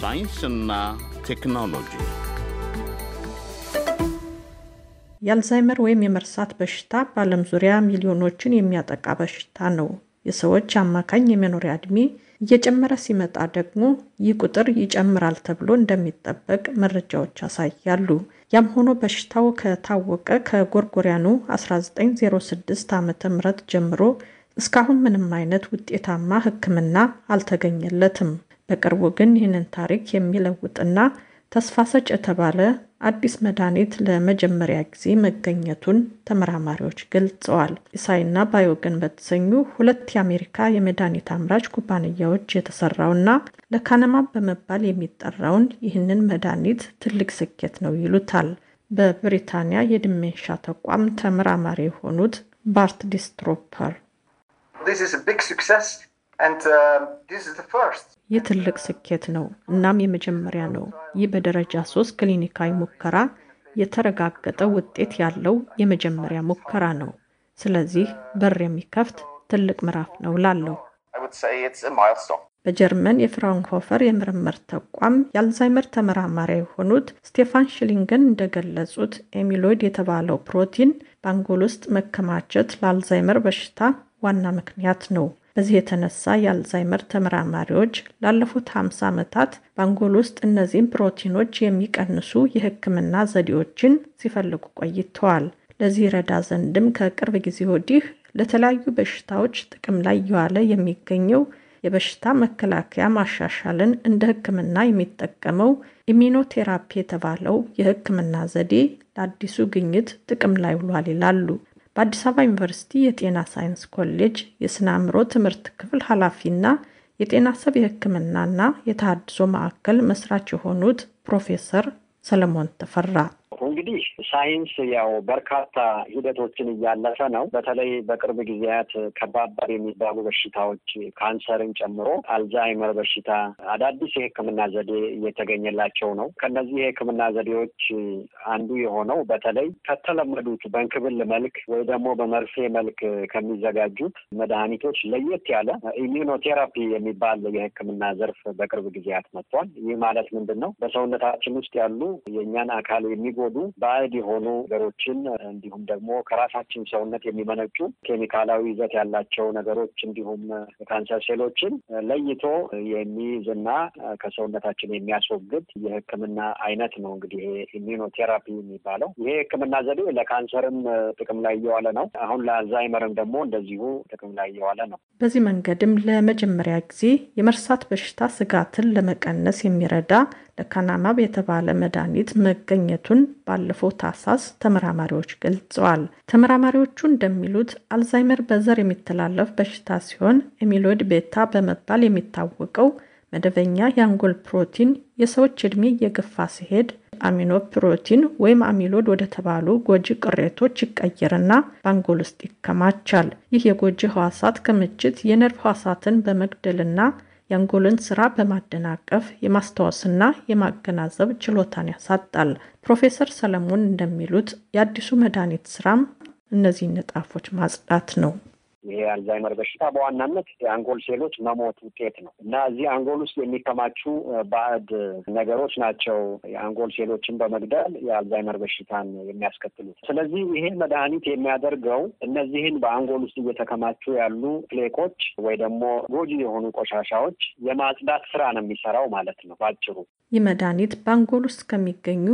ሳይንስና ቴክኖሎጂ uh, የአልዛይመር ወይም የመርሳት በሽታ በዓለም ዙሪያ ሚሊዮኖችን የሚያጠቃ በሽታ ነው። የሰዎች አማካኝ የመኖሪያ ዕድሜ እየጨመረ ሲመጣ ደግሞ ይህ ቁጥር ይጨምራል ተብሎ እንደሚጠበቅ መረጃዎች ያሳያሉ። ያም ሆኖ በሽታው ከታወቀ ከጎርጎሪያኑ 1906 ዓ ም ጀምሮ እስካሁን ምንም አይነት ውጤታማ ሕክምና አልተገኘለትም። በቅርቡ ግን ይህንን ታሪክ የሚለውጥና ተስፋ ሰጭ የተባለ አዲስ መድኃኒት ለመጀመሪያ ጊዜ መገኘቱን ተመራማሪዎች ገልጸዋል። ኢሳይና ባዮገን በተሰኙ ሁለት የአሜሪካ የመድኃኒት አምራች ኩባንያዎች የተሰራውና ለካነማ በመባል የሚጠራውን ይህንን መድኃኒት ትልቅ ስኬት ነው ይሉታል። በብሪታንያ የድሜንሻ ተቋም ተመራማሪ የሆኑት ባርት ዲስትሮፐር ይህ ትልቅ ስኬት ነው፣ እናም የመጀመሪያ ነው። ይህ በደረጃ ሶስት ክሊኒካዊ ሙከራ የተረጋገጠ ውጤት ያለው የመጀመሪያ ሙከራ ነው። ስለዚህ በር የሚከፍት ትልቅ ምዕራፍ ነው ላለው በጀርመን የፍራውንሆፈር የምርምር ተቋም የአልዛይመር ተመራማሪ የሆኑት ስቴፋን ሽሊንግን እንደገለጹት ኤሚሎይድ የተባለው ፕሮቲን በአንጎል ውስጥ መከማቸት ለአልዛይመር በሽታ ዋና ምክንያት ነው። በዚህ የተነሳ የአልዛይመር ተመራማሪዎች ላለፉት 50 ዓመታት በአንጎል ውስጥ እነዚህም ፕሮቲኖች የሚቀንሱ የሕክምና ዘዴዎችን ሲፈልጉ ቆይተዋል። ለዚህ ረዳ ዘንድም ከቅርብ ጊዜ ወዲህ ለተለያዩ በሽታዎች ጥቅም ላይ እየዋለ የሚገኘው የበሽታ መከላከያ ማሻሻልን እንደ ሕክምና የሚጠቀመው ኢሚኖቴራፒ የተባለው የሕክምና ዘዴ ለአዲሱ ግኝት ጥቅም ላይ ውሏል ይላሉ። በአዲስ አበባ ዩኒቨርሲቲ የጤና ሳይንስ ኮሌጅ የስነ አእምሮ ትምህርት ክፍል ኃላፊና የጤና ሰብ የሕክምናና የተሃድሶ ማዕከል መስራች የሆኑት ፕሮፌሰር ሰለሞን ተፈራ እንግዲህ ሳይንስ ያው በርካታ ሂደቶችን እያለፈ ነው። በተለይ በቅርብ ጊዜያት ከባባድ የሚባሉ በሽታዎች ካንሰርን ጨምሮ አልዛይመር በሽታ አዳዲስ የሕክምና ዘዴ እየተገኘላቸው ነው። ከነዚህ የሕክምና ዘዴዎች አንዱ የሆነው በተለይ ከተለመዱት በእንክብል መልክ ወይ ደግሞ በመርፌ መልክ ከሚዘጋጁት መድኃኒቶች ለየት ያለ ኢሚኖቴራፒ የሚባል የሕክምና ዘርፍ በቅርብ ጊዜያት መጥቷል። ይህ ማለት ምንድን ነው? በሰውነታችን ውስጥ ያሉ የእኛን አካል የሚጎዱ ባዕድ የሆኑ ነገሮችን እንዲሁም ደግሞ ከራሳችን ሰውነት የሚመነጩ ኬሚካላዊ ይዘት ያላቸው ነገሮች እንዲሁም ካንሰር ሴሎችን ለይቶ የሚይዝና ከሰውነታችን የሚያስወግድ የሕክምና አይነት ነው። እንግዲህ ኢሚኖቴራፒ የሚባለው ይሄ የህክምና ዘዴ ለካንሰርም ጥቅም ላይ እየዋለ ነው። አሁን ለአልዛይመርም ደግሞ እንደዚሁ ጥቅም ላይ እየዋለ ነው። በዚህ መንገድም ለመጀመሪያ ጊዜ የመርሳት በሽታ ስጋትን ለመቀነስ የሚረዳ ለካናማብ የተባለ መድኃኒት መገኘቱን ባለፈው ታህሳስ ተመራማሪዎች ገልጸዋል። ተመራማሪዎቹ እንደሚሉት አልዛይመር በዘር የሚተላለፍ በሽታ ሲሆን ኤሚሎይድ ቤታ በመባል የሚታወቀው መደበኛ የአንጎል ፕሮቲን የሰዎች ዕድሜ እየገፋ ሲሄድ አሚኖ ፕሮቲን ወይም አሚሎድ ወደ ተባሉ ጎጂ ቅሬቶች ይቀየርና በአንጎል ውስጥ ይከማቻል። ይህ የጎጂ ህዋሳት ክምችት የነርቭ ህዋሳትን በመግደልና የአንጎልን ስራ በማደናቀፍ የማስታወስና የማገናዘብ ችሎታን ያሳጣል። ፕሮፌሰር ሰለሞን እንደሚሉት የአዲሱ መድኃኒት ስራም እነዚህን ንጣፎች ማጽዳት ነው። ይሄ አልዛይመር በሽታ በዋናነት የአንጎል ሴሎች መሞት ውጤት ነው እና እዚህ አንጎል ውስጥ የሚከማቹ ባዕድ ነገሮች ናቸው የአንጎል ሴሎችን በመግደል የአልዛይመር በሽታን የሚያስከትሉት። ስለዚህ ይሄ መድኃኒት የሚያደርገው እነዚህን በአንጎል ውስጥ እየተከማቹ ያሉ ፍሌኮች ወይ ደግሞ ጎጂ የሆኑ ቆሻሻዎች የማጽዳት ስራ ነው የሚሰራው ማለት ነው ባጭሩ። ይህ መድኃኒት በአንጎል ውስጥ ከሚገኙ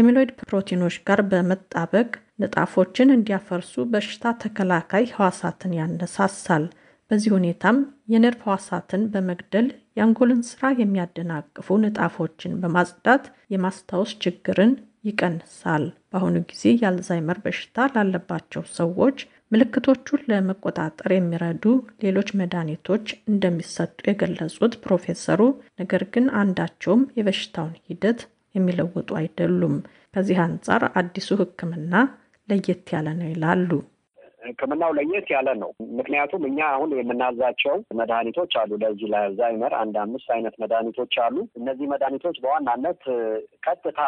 ከአሚሎይድ ፕሮቲኖች ጋር በመጣበቅ ንጣፎችን እንዲያፈርሱ በሽታ ተከላካይ ህዋሳትን ያነሳሳል። በዚህ ሁኔታም የነርቭ ህዋሳትን በመግደል የአንጎልን ስራ የሚያደናቅፉ ንጣፎችን በማጽዳት የማስታወስ ችግርን ይቀንሳል። በአሁኑ ጊዜ የአልዛይመር በሽታ ላለባቸው ሰዎች ምልክቶቹን ለመቆጣጠር የሚረዱ ሌሎች መድኃኒቶች እንደሚሰጡ የገለጹት ፕሮፌሰሩ ነገር ግን አንዳቸውም የበሽታውን ሂደት የሚለውጡ አይደሉም። ከዚህ አንጻር አዲሱ ሕክምና ለየት ያለ ነው ይላሉ። ህክምናው ለየት ያለ ነው። ምክንያቱም እኛ አሁን የምናዛቸው መድኃኒቶች አሉ። ለዚህ ለዛይመር አንድ አምስት አይነት መድኃኒቶች አሉ። እነዚህ መድኃኒቶች በዋናነት ቀጥታ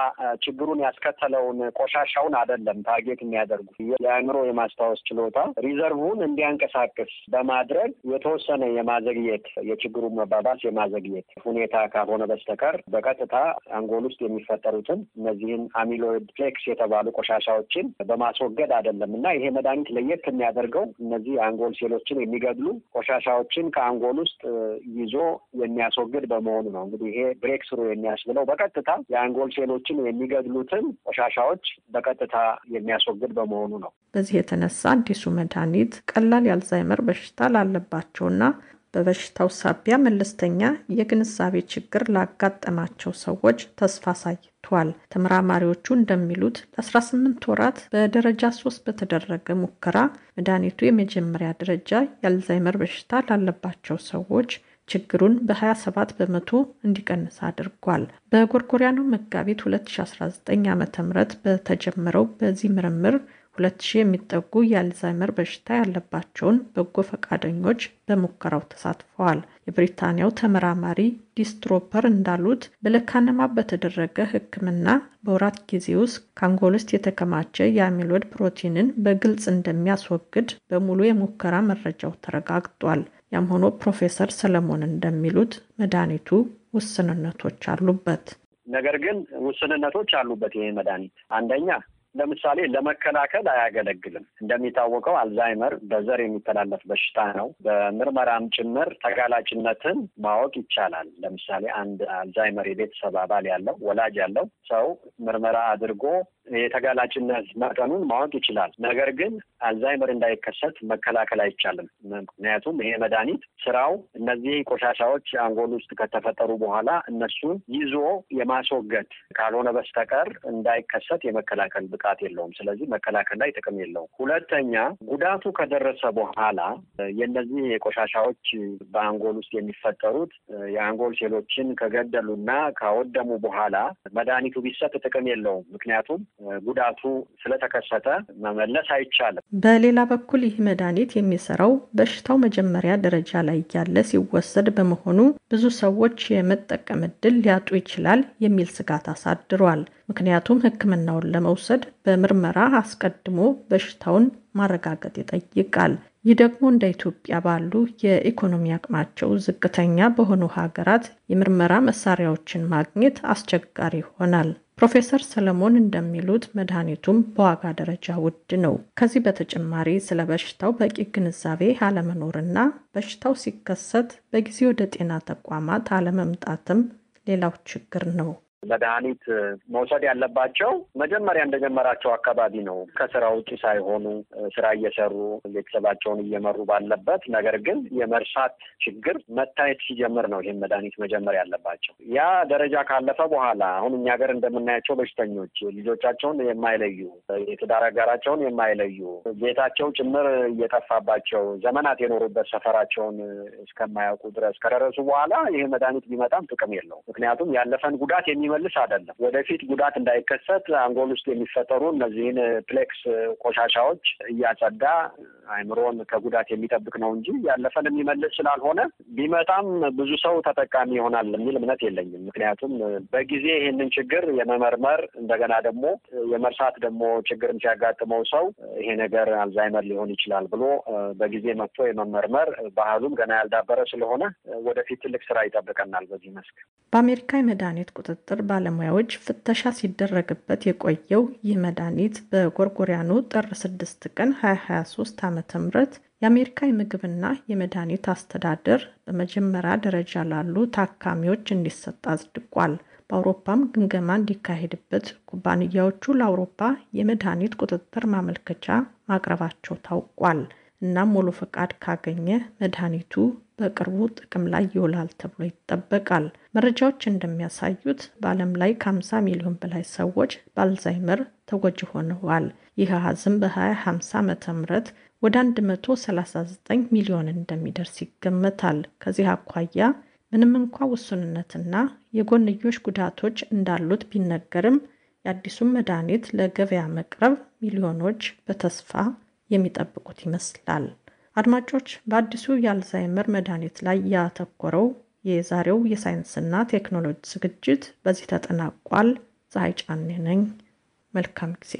ችግሩን ያስከተለውን ቆሻሻውን አይደለም ታርጌት የሚያደርጉ የአእምሮ የማስታወስ ችሎታ ሪዘርቭን እንዲያንቀሳቅስ በማድረግ የተወሰነ የማዘግየት የችግሩ መባባስ የማዘግየት ሁኔታ ካልሆነ በስተቀር በቀጥታ አንጎል ውስጥ የሚፈጠሩትን እነዚህን አሚሎይድ ፕሌክስ የተባሉ ቆሻሻዎችን በማስወገድ አይደለም እና ይሄ መድኃኒት ለየት የሚያደርገው እነዚህ የአንጎል ሴሎችን የሚገድሉ ቆሻሻዎችን ከአንጎል ውስጥ ይዞ የሚያስወግድ በመሆኑ ነው። እንግዲህ ይሄ ብሬክ ስሩ የሚያስብለው በቀጥታ የአንጎል ሴሎችን የሚገድሉትን ቆሻሻዎች በቀጥታ የሚያስወግድ በመሆኑ ነው። በዚህ የተነሳ አዲሱ መድኃኒት ቀላል የአልዛይመር በሽታ ላለባቸውና በበሽታው ሳቢያ መለስተኛ የግንዛቤ ችግር ላጋጠማቸው ሰዎች ተስፋ አሳይቷል። ተመራማሪዎቹ እንደሚሉት ለ18 ወራት በደረጃ 3 በተደረገ ሙከራ መድኃኒቱ የመጀመሪያ ደረጃ የአልዛይመር በሽታ ላለባቸው ሰዎች ችግሩን በ27 በመቶ እንዲቀንስ አድርጓል። በጎርጎሪያኑ መጋቢት 2019 ዓ ም በተጀመረው በዚህ ምርምር ሁለት ሺህ የሚጠጉ የአልዛይመር በሽታ ያለባቸውን በጎ ፈቃደኞች በሙከራው ተሳትፈዋል። የብሪታንያው ተመራማሪ ዲስትሮፐር እንዳሉት በለካነማ በተደረገ ሕክምና በወራት ጊዜ ውስጥ ከአንጎል ውስጥ የተከማቸ የአሚሎድ ፕሮቲንን በግልጽ እንደሚያስወግድ በሙሉ የሙከራ መረጃው ተረጋግጧል። ያም ሆኖ ፕሮፌሰር ሰለሞን እንደሚሉት መድኃኒቱ ውስንነቶች አሉበት። ነገር ግን ውስንነቶች አሉበት። ይህ መድኃኒት አንደኛ ለምሳሌ ለመከላከል አያገለግልም። እንደሚታወቀው አልዛይመር በዘር የሚተላለፍ በሽታ ነው። በምርመራም ጭምር ተጋላጭነትን ማወቅ ይቻላል። ለምሳሌ አንድ አልዛይመር የቤተሰብ አባል ያለው ወላጅ ያለው ሰው ምርመራ አድርጎ የተጋላጭነት መጠኑን ማወቅ ይችላል። ነገር ግን አልዛይመር እንዳይከሰት መከላከል አይቻልም። ምክንያቱም ይሄ መድኃኒት ስራው እነዚህ ቆሻሻዎች አንጎል ውስጥ ከተፈጠሩ በኋላ እነሱን ይዞ የማስወገድ ካልሆነ በስተቀር እንዳይከሰት የመከላከል ብቃት የለውም። ስለዚህ መከላከል ላይ ጥቅም የለውም። ሁለተኛ ጉዳቱ ከደረሰ በኋላ የእነዚህ ቆሻሻዎች በአንጎል ውስጥ የሚፈጠሩት የአንጎል ሴሎችን ከገደሉና ካወደሙ በኋላ መድኃኒቱ ቢሰጥ ጥቅም የለውም። ምክንያቱም ጉዳቱ ስለተከሰተ መመለስ አይቻልም። በሌላ በኩል ይህ መድኃኒት የሚሰራው በሽታው መጀመሪያ ደረጃ ላይ ያለ ሲወሰድ በመሆኑ ብዙ ሰዎች የመጠቀም እድል ሊያጡ ይችላል የሚል ስጋት አሳድሯል። ምክንያቱም ሕክምናውን ለመውሰድ በምርመራ አስቀድሞ በሽታውን ማረጋገጥ ይጠይቃል። ይህ ደግሞ እንደ ኢትዮጵያ ባሉ የኢኮኖሚ አቅማቸው ዝቅተኛ በሆኑ ሀገራት የምርመራ መሳሪያዎችን ማግኘት አስቸጋሪ ይሆናል። ፕሮፌሰር ሰለሞን እንደሚሉት መድኃኒቱም በዋጋ ደረጃ ውድ ነው። ከዚህ በተጨማሪ ስለ በሽታው በቂ ግንዛቤ አለመኖርና በሽታው ሲከሰት በጊዜ ወደ ጤና ተቋማት አለመምጣትም ሌላው ችግር ነው። መድኃኒት መውሰድ ያለባቸው መጀመሪያ እንደጀመራቸው አካባቢ ነው። ከስራ ውጭ ሳይሆኑ ስራ እየሰሩ ቤተሰባቸውን እየመሩ ባለበት፣ ነገር ግን የመርሳት ችግር መታየት ሲጀምር ነው ይህን መድኃኒት መጀመር ያለባቸው። ያ ደረጃ ካለፈ በኋላ አሁን እኛ ሀገር እንደምናያቸው በሽተኞች ልጆቻቸውን የማይለዩ የትዳር አጋራቸውን የማይለዩ ቤታቸው ጭምር እየጠፋባቸው ዘመናት የኖሩበት ሰፈራቸውን እስከማያውቁ ድረስ ከደረሱ በኋላ ይህ መድኃኒት ቢመጣም ጥቅም የለው ምክንያቱም ያለፈን ጉዳት የሚ የሚመልስ አይደለም። ወደፊት ጉዳት እንዳይከሰት አንጎል ውስጥ የሚፈጠሩ እነዚህን ፕሌክስ ቆሻሻዎች እያጸዳ አይምሮን ከጉዳት የሚጠብቅ ነው እንጂ ያለፈን የሚመልስ ስላልሆነ ቢመጣም ብዙ ሰው ተጠቃሚ ይሆናል የሚል እምነት የለኝም። ምክንያቱም በጊዜ ይህንን ችግር የመመርመር እንደገና ደግሞ የመርሳት ደግሞ ችግርም ሲያጋጥመው ሰው ይሄ ነገር አልዛይመር ሊሆን ይችላል ብሎ በጊዜ መጥቶ የመመርመር ባህሉም ገና ያልዳበረ ስለሆነ ወደፊት ትልቅ ስራ ይጠብቀናል በዚህ መስክ። በአሜሪካ የመድኃኒት ቁጥጥር የቁጥጥር ባለሙያዎች ፍተሻ ሲደረግበት የቆየው ይህ መድኃኒት በጎርጎሪያኑ ጥር 6 ቀን 2023 ም የአሜሪካ የምግብና የመድኃኒት አስተዳደር በመጀመሪያ ደረጃ ላሉ ታካሚዎች እንዲሰጥ አጽድቋል። በአውሮፓም ግምገማ እንዲካሄድበት ኩባንያዎቹ ለአውሮፓ የመድኃኒት ቁጥጥር ማመልከቻ ማቅረባቸው ታውቋል። እናም ሙሉ ፈቃድ ካገኘ መድኃኒቱ በቅርቡ ጥቅም ላይ ይውላል ተብሎ ይጠበቃል። መረጃዎች እንደሚያሳዩት በዓለም ላይ ከ50 ሚሊዮን በላይ ሰዎች በአልዛይመር ተጎጂ ሆነዋል። ይህ አሃዝም በ2050 ዓ.ም ወደ 139 ሚሊዮን እንደሚደርስ ይገመታል። ከዚህ አኳያ ምንም እንኳ ውሱንነትና የጎንዮሽ ጉዳቶች እንዳሉት ቢነገርም የአዲሱን መድኃኒት ለገበያ መቅረብ ሚሊዮኖች በተስፋ የሚጠብቁት ይመስላል። አድማጮች በአዲሱ የአልዛይመር መድኃኒት ላይ ያተኮረው የዛሬው የሳይንስና ቴክኖሎጂ ዝግጅት በዚህ ተጠናቋል። ፀሐይ ጫኔ ነኝ። መልካም ጊዜ